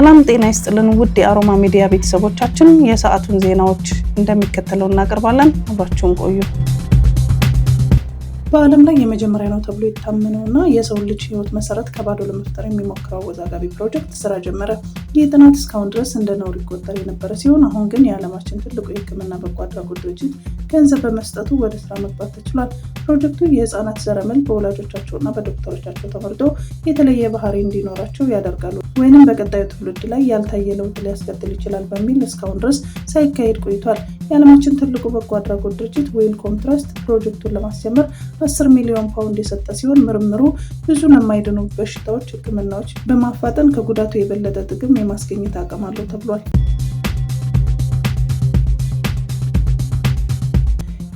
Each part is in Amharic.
ሰላም ጤና ይስጥልን ውድ የአሮማ ሚዲያ ቤተሰቦቻችን፣ የሰዓቱን ዜናዎች እንደሚከተለው እናቀርባለን። አብራችሁን ቆዩ። በዓለም ላይ የመጀመሪያ ነው ተብሎ የታመነው ና የሰው ልጅ ህይወት መሰረት ከባዶ ለመፍጠር የሚሞክረው አወዛጋቢ ፕሮጀክት ስራ ጀመረ። ይህ ጥናት እስካሁን ድረስ እንደ ነውር ይቆጠር የነበረ ሲሆን አሁን ግን የዓለማችን ትልቁ የሕክምና በጎ አድራጎት ድርጅት ገንዘብ በመስጠቱ ወደ ስራ መግባት ተችሏል። ፕሮጀክቱ የህፃናት ዘረመል በወላጆቻቸውና በዶክተሮቻቸው ተመርጦ የተለየ ባህሪ እንዲኖራቸው ያደርጋሉ ወይንም በቀጣዩ ትውልድ ላይ ያልታየ ለውጥ ሊያስከትል ይችላል በሚል እስካሁን ድረስ ሳይካሄድ ቆይቷል። የዓለማችን ትልቁ በጎ አድራጎት ድርጅት ዌልኮም ትረስት ፕሮጀክቱን ለማስጀመር አስር ሚሊዮን ፓውንድ የሰጠ ሲሆን ምርምሩ ብዙን የማይድኑ በሽታዎች ህክምናዎች በማፋጠን ከጉዳቱ የበለጠ ጥቅም የማስገኘት አቅም አለው ተብሏል።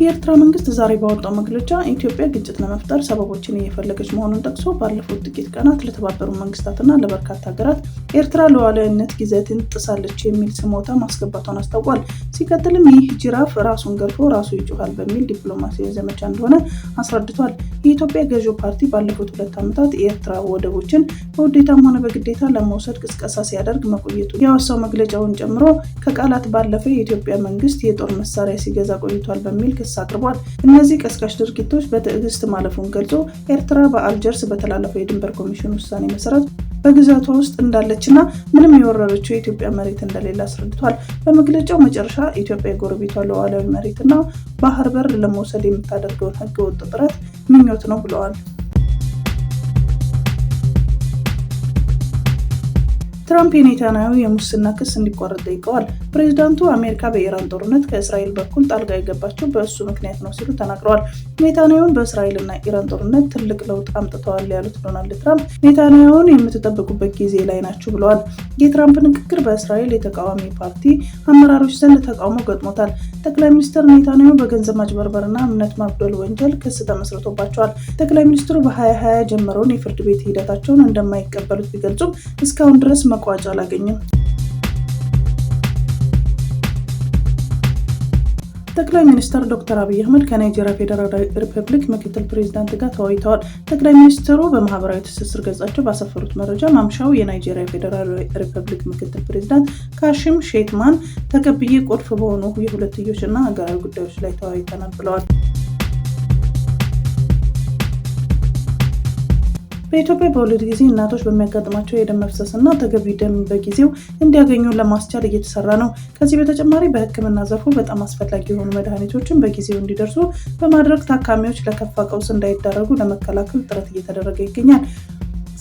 የኤርትራ መንግስት ዛሬ ባወጣው መግለጫ ኢትዮጵያ ግጭት ለመፍጠር ሰበቦችን እየፈለገች መሆኑን ጠቅሶ ባለፉት ጥቂት ቀናት ለተባበሩ መንግስታትና ለበርካታ ሀገራት ኤርትራ ሉዓላዊነት ጊዜትን ጥሳለች የሚል ስሞታ ማስገባቷን አስታውቋል። ሲቀጥልም ይህ ጅራፍ ራሱን ገርፎ ራሱ ይጮኋል በሚል ዲፕሎማሲያዊ ዘመቻ እንደሆነ አስረድቷል። የኢትዮጵያ ገዢው ፓርቲ ባለፉት ሁለት ዓመታት የኤርትራ ወደቦችን በውዴታም ሆነ በግዴታ ለመውሰድ ቅስቀሳ ሲያደርግ መቆየቱ ያወሳው መግለጫውን ጨምሮ ከቃላት ባለፈ የኢትዮጵያ መንግስት የጦር መሳሪያ ሲገዛ ቆይቷል በሚል ክስ ክስ አቅርቧል። እነዚህ ቀስቃሽ ድርጊቶች በትዕግስት ማለፉን ገልጾ ኤርትራ በአልጀርስ በተላለፈው የድንበር ኮሚሽን ውሳኔ መሰረት በግዛቷ ውስጥ እንዳለችና ምንም የወረረችው የኢትዮጵያ መሬት እንደሌለ አስረድቷል። በመግለጫው መጨረሻ ኢትዮጵያ የጎረቤቷ ሉዓላዊ መሬትና ባህር በር ለመውሰድ የምታደርገውን ህገወጥ ጥረት ምኞት ነው ብለዋል። ትራምፕ የኔታንያሁ የሙስና ክስ እንዲቋረጥ ጠይቀዋል። ፕሬዚዳንቱ አሜሪካ በኢራን ጦርነት ከእስራኤል በኩል ጣልቃ የገባቸው በእሱ ምክንያት ነው ሲሉ ተናግረዋል። ኔታንያሁን በእስራኤልና ኢራን ጦርነት ትልቅ ለውጥ አምጥተዋል ያሉት ዶናልድ ትራምፕ ኔታንያሁን የምትጠብቁበት ጊዜ ላይ ናችሁ ብለዋል። የትራምፕ ንግግር በእስራኤል የተቃዋሚ ፓርቲ አመራሮች ዘንድ ተቃውሞ ገጥሞታል። ጠቅላይ ሚኒስትር ኔታንያሁ በገንዘብ ማጭበርበርና እምነት ማጉደል ወንጀል ክስ ተመስርቶባቸዋል። ጠቅላይ ሚኒስትሩ በ2020 ጀመረውን የፍርድ ቤት ሂደታቸውን እንደማይቀበሉት ቢገልጹም እስካሁን ድረስ መቋጫ አላገኘም። ጠቅላይ ሚኒስትር ዶክተር አብይ አህመድ ከናይጄሪያ ፌዴራላዊ ሪፐብሊክ ምክትል ፕሬዚዳንት ጋር ተወያይተዋል። ጠቅላይ ሚኒስትሩ በማህበራዊ ትስስር ገጻቸው ባሰፈሩት መረጃ ማምሻው የናይጄሪያ ፌዴራላዊ ሪፐብሊክ ምክትል ፕሬዚዳንት ካሽም ሼትማን ተቀብዬ ቁልፍ በሆኑ የሁለትዮሽ እና ሀገራዊ ጉዳዮች ላይ ተወያይተናል ብለዋል። በኢትዮጵያ በወሊድ ጊዜ እናቶች በሚያጋጥማቸው የደም መፍሰስና ተገቢ ደም በጊዜው እንዲያገኙ ለማስቻል እየተሰራ ነው። ከዚህ በተጨማሪ በሕክምና ዘርፉ በጣም አስፈላጊ የሆኑ መድኃኒቶችን በጊዜው እንዲደርሱ በማድረግ ታካሚዎች ለከፋ ቀውስ እንዳይዳረጉ ለመከላከል ጥረት እየተደረገ ይገኛል።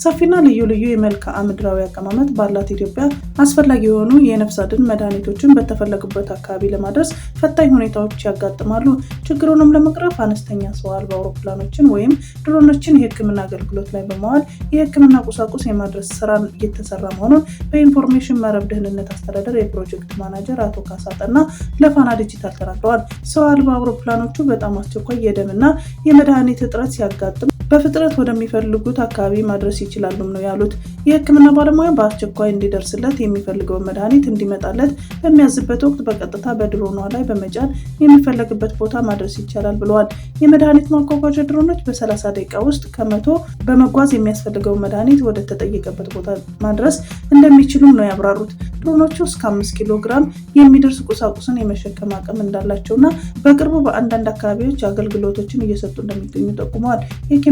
ሰፊና ልዩ ልዩ የመልክዓ ምድራዊ አቀማመጥ ባላት ኢትዮጵያ አስፈላጊ የሆኑ የነፍስ አድን መድኃኒቶችን በተፈለጉበት አካባቢ ለማድረስ ፈታኝ ሁኔታዎች ያጋጥማሉ። ችግሩንም ለመቅረፍ አነስተኛ ሰው አልባ አውሮፕላኖችን ወይም ድሮኖችን የሕክምና አገልግሎት ላይ በመዋል የሕክምና ቁሳቁስ የማድረስ ስራ እየተሰራ መሆኑን በኢንፎርሜሽን መረብ ደህንነት አስተዳደር የፕሮጀክት ማናጀር አቶ ካሳጠና ለፋና ዲጂታል ተናግረዋል። ሰው አልባ አውሮፕላኖቹ በጣም አስቸኳይ የደምና የመድኃኒት እጥረት ሲያጋጥም በፍጥነት ወደሚፈልጉት አካባቢ ማድረስ ይችላሉም ነው ያሉት። የህክምና ባለሙያ በአስቸኳይ እንዲደርስለት የሚፈልገውን መድኃኒት እንዲመጣለት በሚያዝበት ወቅት በቀጥታ በድሮኗ ላይ በመጫን የሚፈለግበት ቦታ ማድረስ ይቻላል ብለዋል። የመድኃኒት ማጓጓዣ ድሮኖች በ30 ደቂቃ ውስጥ ከመቶ በመጓዝ የሚያስፈልገውን መድኃኒት ወደ ተጠየቀበት ቦታ ማድረስ እንደሚችሉም ነው ያብራሩት። ድሮኖቹ እስከ አምስት ኪሎ ግራም የሚደርስ ቁሳቁስን የመሸከም አቅም እንዳላቸውና በቅርቡ በአንዳንድ አካባቢዎች አገልግሎቶችን እየሰጡ እንደሚገኙ ጠቁመዋል።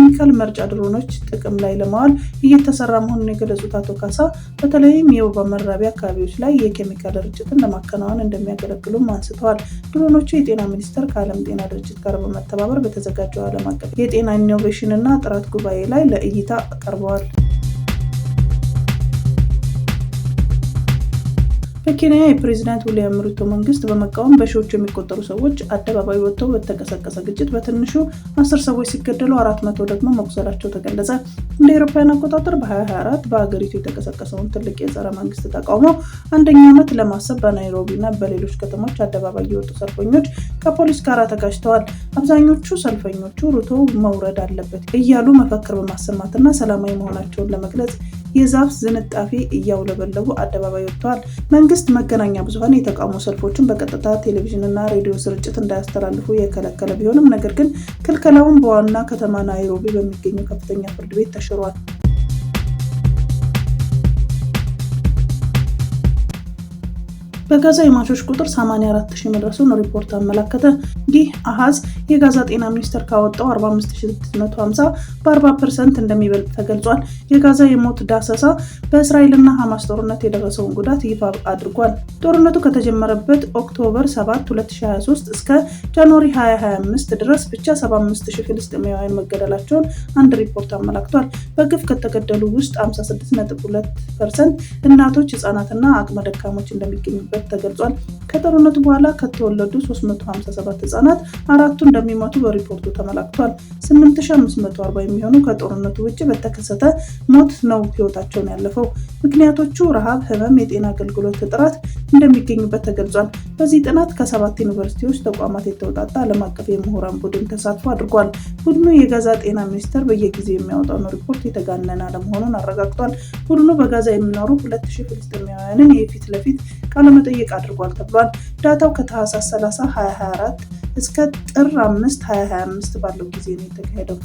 የኬሚካል መርጫ ድሮኖች ጥቅም ላይ ለማዋል እየተሰራ መሆኑን የገለጹት አቶ ካሳ በተለይም የወባ መራቢያ አካባቢዎች ላይ የኬሚካል ርጭትን ለማከናወን እንደሚያገለግሉም አንስተዋል። ድሮኖቹ የጤና ሚኒስቴር ከዓለም ጤና ድርጅት ጋር በመተባበር በተዘጋጀው ዓለም አቀፍ የጤና ኢኖቬሽን እና ጥራት ጉባኤ ላይ ለእይታ ቀርበዋል። በኬንያ የፕሬዚዳንት ዊሊያም ሩቶ መንግስት በመቃወም በሺዎች የሚቆጠሩ ሰዎች አደባባይ ወጥተው በተቀሰቀሰ ግጭት በትንሹ አስር ሰዎች ሲገደሉ አራት መቶ ደግሞ መቁሰላቸው ተገለጸ። እንደ አውሮፓውያን አቆጣጠር በ2024 በሀገሪቱ የተቀሰቀሰውን ትልቅ የጸረ መንግስት ተቃውሞ አንደኛ ዓመት ለማሰብ በናይሮቢ እና በሌሎች ከተሞች አደባባይ የወጡ ሰልፈኞች ከፖሊስ ጋር ተጋጭተዋል። አብዛኞቹ ሰልፈኞቹ ሩቶ መውረድ አለበት እያሉ መፈክር በማሰማትና ሰላማዊ መሆናቸውን ለመግለጽ የዛፍ ዝንጣፊ እያውለበለቡ አደባባይ ወጥተዋል። መንግስት መገናኛ ብዙሀን የተቃውሞ ሰልፎችን በቀጥታ ቴሌቪዥንና ሬዲዮ ስርጭት እንዳያስተላልፉ የከለከለ ቢሆንም ነገር ግን ክልከላውን በዋና ከተማ ናይሮቢ በሚገኘው ከፍተኛ ፍርድ ቤት ተሽሯል። በጋዛ የሟቾች ቁጥር 84000 መድረሱን ሪፖርት አመላከተ። ይህ አሃዝ የጋዛ ጤና ሚኒስቴር ካወጣው 45650 በ40 ፐርሰንት እንደሚበልጥ ተገልጿል። የጋዛ የሞት ዳሰሳ በእስራኤልና ሐማስ ጦርነት የደረሰውን ጉዳት ይፋ አድርጓል። ጦርነቱ ከተጀመረበት ኦክቶበር 7 2023 እስከ ጃንዋሪ 2025 ድረስ ብቻ 75000 ፍልስጤማውያን መገደላቸውን አንድ ሪፖርት አመላክቷል። በግፍ ከተገደሉ ውስጥ 56.2 ፐርሰንት እናቶች፣ ህጻናትና አቅመ ደካሞች እንደሚገኙበት እንደሚሞት ተገልጿል። ከጦርነቱ በኋላ ከተወለዱ 357 ህጻናት አራቱ እንደሚሞቱ በሪፖርቱ ተመላክቷል። 8540 የሚሆኑ ከጦርነቱ ውጭ በተከሰተ ሞት ነው ህይወታቸውን ያለፈው። ምክንያቶቹ ረሃብ፣ ህመም፣ የጤና አገልግሎት እጥረት እንደሚገኙበት ተገልጿል። በዚህ ጥናት ከሰባት ዩኒቨርሲቲዎች ተቋማት የተውጣጣ ዓለም አቀፍ የምሁራን ቡድን ተሳትፎ አድርጓል። ቡድኑ የጋዛ ጤና ሚኒስቴር በየጊዜው የሚያወጣውን ሪፖርት የተጋነነ አለመሆኑን አረጋግጧል። ቡድኑ በጋዛ የሚኖሩ 2000 ፍልስጤማውያንን የፊት ለፊት ቃለ መጠየቅ አድርጓል ተብሏል። ዳታው ከታህሳስ 30 2024 እስከ ጥር 5 2025 ባለው ጊዜ ነው የተካሄደው።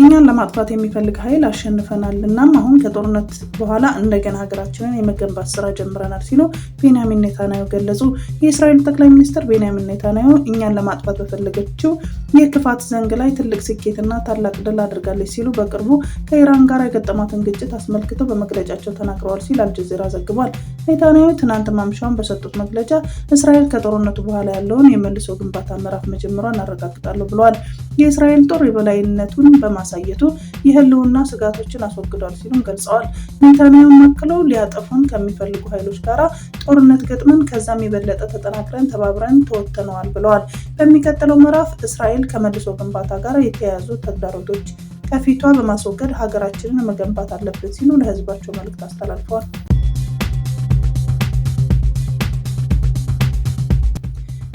እኛን ለማጥፋት የሚፈልግ ኃይል አሸንፈናል። እናም አሁን ከጦርነት በኋላ እንደገና ሀገራችንን የመገንባት ስራ ጀምረናል ሲሉ ቤንያሚን ኔታንያሁ ገለጹ። የእስራኤሉ ጠቅላይ ሚኒስትር ቤንያሚን ኔታንያሁ እኛን ለማጥፋት በፈለገችው የክፋት ዘንግ ላይ ትልቅ ስኬትና ታላቅ ድል አድርጋለች ሲሉ በቅርቡ ከኢራን ጋር የገጠማትን ግጭት አስመልክተው በመግለጫቸው ተናግረዋል ሲል አልጀዚራ ዘግቧል። ኔታንያሁ ትናንት ማምሻውን በሰጡት መግለጫ እስራኤል ከጦርነቱ በኋላ ያለውን የመልሶ ግንባታ ምዕራፍ መጀመሯን አረጋግጣለሁ ብለዋል። የእስራኤል ጦር የበላይነቱን በማሳየቱ የህልውና ስጋቶችን አስወግዷል ሲሉም ገልጸዋል። ኔታንያሁ አክለው ሊያጠፉን ከሚፈልጉ ኃይሎች ጋር ጦርነት ገጥመን ከዛም የበለጠ ተጠናክረን ተባብረን ተወጥነዋል ብለዋል። በሚቀጥለው ምዕራፍ እስራኤል ከመልሶ ግንባታ ጋር የተያያዙ ተግዳሮቶች ከፊቷ በማስወገድ ሀገራችንን መገንባት አለበት ሲሉ ለህዝባቸው መልእክት አስተላልፈዋል።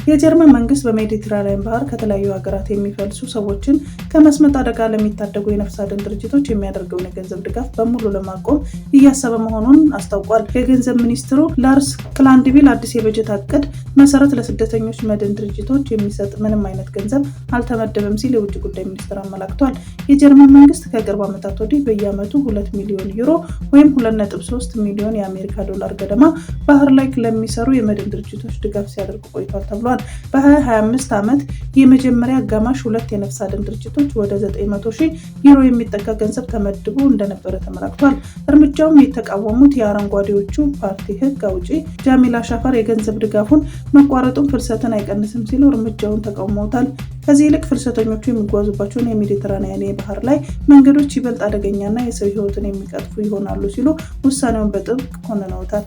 የጀርመን መንግስት በሜዲትራኒያን ባህር ከተለያዩ ሀገራት የሚፈልሱ ሰዎችን ከመስመጥ አደጋ ለሚታደጉ የነፍስ አድን ድርጅቶች የሚያደርገውን የገንዘብ ድጋፍ በሙሉ ለማቆም እያሰበ መሆኑን አስታውቋል። የገንዘብ ሚኒስትሩ ላርስ ክላንድቪል አዲስ የበጀት አቅድ መሰረት ለስደተኞች መድን ድርጅቶች የሚሰጥ ምንም አይነት ገንዘብ አልተመደበም ሲል የውጭ ጉዳይ ሚኒስትር አመላክቷል። የጀርመን መንግስት ከቅርብ ዓመታት ወዲህ በየዓመቱ ሁለት ሚሊዮን ዩሮ ወይም 2.3 ሚሊዮን የአሜሪካ ዶላር ገደማ ባህር ላይ ለሚሰሩ የመድን ድርጅቶች ድጋፍ ሲያደርግ ቆይቷል ተብሏል። አስታውቀዋል። በ2025 ዓመት የመጀመሪያ አጋማሽ ሁለት የነፍስ አድን ድርጅቶች ወደ 900 ሺህ ዩሮ የሚጠጋ ገንዘብ ተመድቦ እንደነበረ ተመላክቷል። እርምጃውም የተቃወሙት የአረንጓዴዎቹ ፓርቲ ህግ አውጪ ጃሚላ ሻፋር የገንዘብ ድጋፉን መቋረጡን ፍልሰትን አይቀንስም ሲሉ እርምጃውን ተቃውመውታል። ከዚህ ይልቅ ፍልሰተኞቹ የሚጓዙባቸውን የሜዲትራንያን የባህር ላይ መንገዶች ይበልጥ አደገኛና የሰው ህይወትን የሚቀጥፉ ይሆናሉ ሲሉ ውሳኔውን በጥብቅ ኮንነውታል።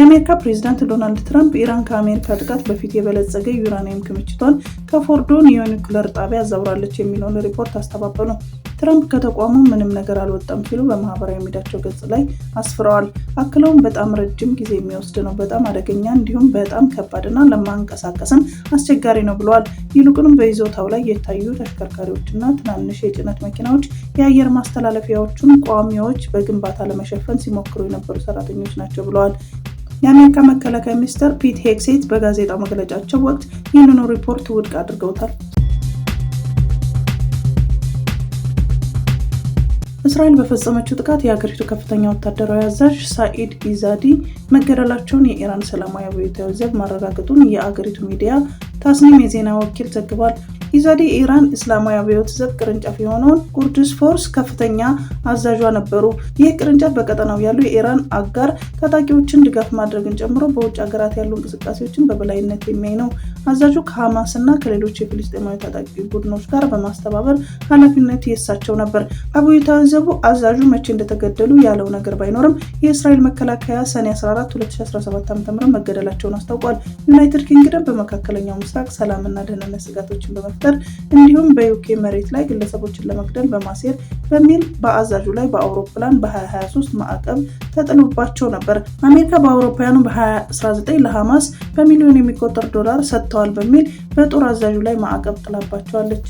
የአሜሪካ ፕሬዚዳንት ዶናልድ ትራምፕ ኢራን ከአሜሪካ ጥቃት በፊት የበለጸገ ዩራኒየም ክምችቷን ከፎርዶ የኒውክለር ጣቢያ አዛውራለች የሚለውን ሪፖርት አስተባበሉ። ትራምፕ ከተቋሙ ምንም ነገር አልወጣም ሲሉ በማህበራዊ ሚዲያቸው ገጽ ላይ አስፍረዋል። አክለውም በጣም ረጅም ጊዜ የሚወስድ ነው፣ በጣም አደገኛ፣ እንዲሁም በጣም ከባድና ለማንቀሳቀስም አስቸጋሪ ነው ብለዋል። ይልቁንም በይዞታው ላይ የታዩ ተሽከርካሪዎችና ትናንሽ የጭነት መኪናዎች የአየር ማስተላለፊያዎቹን ቋሚዎች በግንባታ ለመሸፈን ሲሞክሩ የነበሩ ሰራተኞች ናቸው ብለዋል። የአሜሪካ መከላከያ ሚኒስትር ፒት ሄግሴት በጋዜጣ መግለጫቸው ወቅት ይህንኑ ሪፖርት ውድቅ አድርገውታል። እስራኤል በፈጸመችው ጥቃት የሀገሪቱ ከፍተኛ ወታደራዊ አዛዥ ሳኢድ ኢዛዲ መገደላቸውን የኢራን ሰላማዊ አብዮታዊ ዘብ ማረጋገጡን የአገሪቱ ሚዲያ ታስኒም የዜና ወኪል ዘግቧል። ኢዛዲ ኢራን እስላማዊ አብዮት ዘብ ቅርንጫፍ የሆነውን ኩርድስ ፎርስ ከፍተኛ አዛዧ ነበሩ። ይህ ቅርንጫፍ በቀጠናው ያሉ የኢራን አጋር ታጣቂዎችን ድጋፍ ማድረግን ጨምሮ በውጭ ሀገራት ያሉ እንቅስቃሴዎችን በበላይነት የሚያይ ነው። አዛዡ ከሐማስ እና ከሌሎች የፊልስጤማዊ ታጣቂ ቡድኖች ጋር በማስተባበር ኃላፊነት የሳቸው ነበር። አብዮታዊ ዘቡ አዛዡ መቼ እንደተገደሉ ያለው ነገር ባይኖርም የእስራኤል መከላከያ ሰኔ 14 2017 ዓ ም መገደላቸውን አስታውቋል። ዩናይትድ ኪንግደም በመካከለኛው ምስራቅ ሰላምና ደህንነት ስጋቶችን በመ በመፍጠር እንዲሁም በዩኬ መሬት ላይ ግለሰቦችን ለመግደል በማሴር በሚል በአዛዡ ላይ በአውሮፕላን በ2023 ማዕቀብ ተጥሎባቸው ነበር። አሜሪካ በአውሮፓውያኑ በ2019 ለሐማስ በሚሊዮን የሚቆጠር ዶላር ሰጥተዋል በሚል በጦር አዛዡ ላይ ማዕቀብ ጥላባቸዋለች።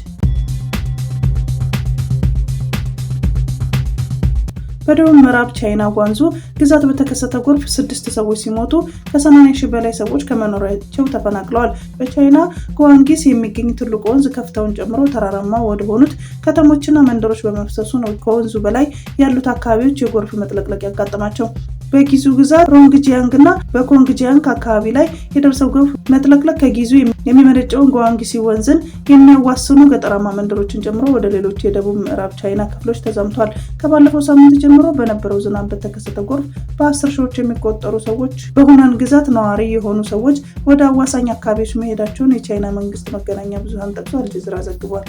በደቡብ ምዕራብ ቻይና ጓንዙ ግዛት በተከሰተ ጎርፍ ስድስት ሰዎች ሲሞቱ ከ ሺህ በላይ ሰዎች ከመኖሪያቸው ተፈናቅለዋል። በቻይና ጓንጊስ የሚገኝ ትልቁ ወንዝ ከፍታውን ጨምሮ ተራራማ ወደሆኑት ከተሞችና መንደሮች በመፍሰሱ ነው ከወንዙ በላይ ያሉት አካባቢዎች የጎርፍ መጥለቅለቅ ያጋጠማቸው። በጊዙ ግዛት ሮንግጂያንግ እና በኮንግጂያንግ አካባቢ ላይ የደረሰው ግፍ መጥለቅለቅ ከጊዙ የሚመነጨውን ጓንግሲ ወንዝን የሚያዋስኑ ገጠራማ መንደሮችን ጨምሮ ወደ ሌሎች የደቡብ ምዕራብ ቻይና ክፍሎች ተዛምቷል። ከባለፈው ሳምንት ጀምሮ በነበረው ዝናብ በተከሰተ ጎርፍ በአስር ሺዎች የሚቆጠሩ ሰዎች በሁናን ግዛት ነዋሪ የሆኑ ሰዎች ወደ አዋሳኝ አካባቢዎች መሄዳቸውን የቻይና መንግስት መገናኛ ብዙሃን ጠቅሶ አልጀዚራ ዘግቧል።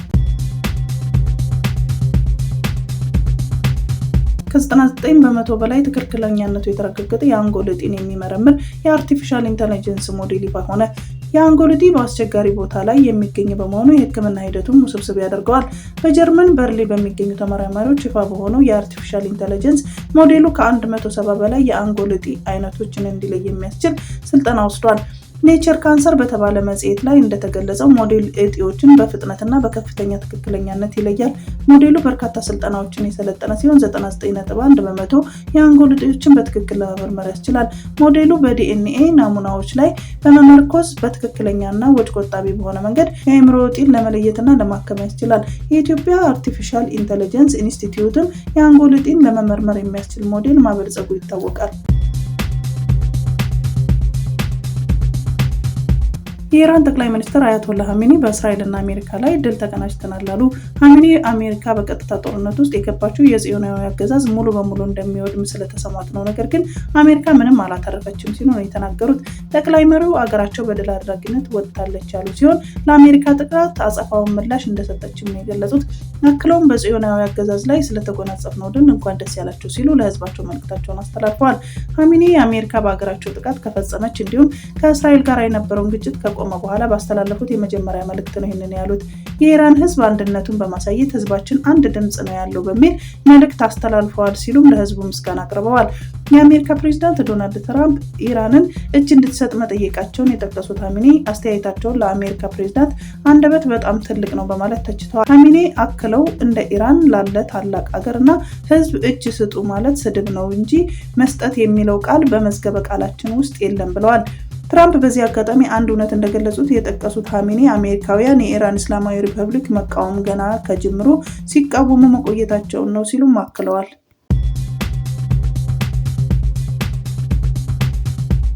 ከ99 በመቶ በላይ ትክክለኛነቱ የተረጋገጠ የአንጎል የሚመረምር የአርቲፊሻል ኢንተለጀንስ ሞዴል ይፋ ሆነ። የአንጎል በአስቸጋሪ ቦታ ላይ የሚገኝ በመሆኑ የሕክምና ሂደቱን ውስብስብ ያደርገዋል። በጀርመን በርሊ በሚገኙ ተመራማሪዎች ይፋ በሆነው የአርቲፊሻል ኢንተለጀንስ ሞዴሉ ከ170 በላይ የአንጎል አይነቶችን እንዲለይ የሚያስችል ስልጠና ወስዷል። ኔቸር ካንሰር በተባለ መጽሔት ላይ እንደተገለጸው ሞዴል እጢዎችን በፍጥነትና በከፍተኛ ትክክለኛነት ይለያል። ሞዴሉ በርካታ ስልጠናዎችን የሰለጠነ ሲሆን 99.1 በመቶ የአንጎል እጢዎችን በትክክል ለመመርመር ያስችላል። ሞዴሉ በዲኤንኤ ናሙናዎች ላይ በመመርኮዝ በትክክለኛና ወጭ ቆጣቢ በሆነ መንገድ የአእምሮ እጢን ለመለየትና ለማከም ያስችላል። የኢትዮጵያ አርቲፊሻል ኢንተለጀንስ ኢንስቲትዩትም የአንጎል እጢን ለመመርመር የሚያስችል ሞዴል ማበልጸጉ ይታወቃል። የኢራን ጠቅላይ ሚኒስትር አያቶላ ሀሚኒ በእስራኤልና አሜሪካ ላይ ድል ተቀናጅተናል አሉ። ሀሚኒ አሜሪካ በቀጥታ ጦርነት ውስጥ የገባችው የጽዮናዊ አገዛዝ ሙሉ በሙሉ እንደሚወድም ስለተሰማት ነው፣ ነገር ግን አሜሪካ ምንም አላተረፈችም ሲሉ ነው የተናገሩት። ጠቅላይ መሪው አገራቸው በድል አድራጊነት ወጥታለች ያሉ ሲሆን ለአሜሪካ ጥቃት አጸፋውን ምላሽ እንደሰጠችም ነው የገለጹት። አክለውም በጽዮናዊ አገዛዝ ላይ ስለተጎናጸፍነው ድል እንኳን ደስ ያላቸው ሲሉ ለህዝባቸው መልእክታቸውን አስተላልፈዋል። ሀሚኒ አሜሪካ በሀገራቸው ጥቃት ከፈጸመች እንዲሁም ከእስራኤል ጋር የነበረውን ግጭት ከቆመ በኋላ ባስተላለፉት የመጀመሪያ መልእክት ነው ይህንን ያሉት። የኢራን ህዝብ አንድነቱን በማሳየት ህዝባችን አንድ ድምፅ ነው ያለው በሚል መልእክት አስተላልፈዋል ሲሉም ለህዝቡ ምስጋና አቅርበዋል። የአሜሪካ ፕሬዚዳንት ዶናልድ ትራምፕ ኢራንን እጅ እንድትሰጥ መጠየቃቸውን የጠቀሱት አሚኔ አስተያየታቸውን ለአሜሪካ ፕሬዚዳንት አንደበት በጣም ትልቅ ነው በማለት ተችተዋል። አሚኔ አክለው እንደ ኢራን ላለ ታላቅ አገርና ህዝብ እጅ ስጡ ማለት ስድብ ነው እንጂ መስጠት የሚለው ቃል በመዝገበ ቃላችን ውስጥ የለም ብለዋል። ትራምፕ በዚህ አጋጣሚ አንድ እውነት እንደገለጹት የጠቀሱት ሀሚኒ አሜሪካውያን የኢራን እስላማዊ ሪፐብሊክ መቃወም ገና ከጅምሩ ሲቃወሙ መቆየታቸውን ነው ሲሉም አክለዋል።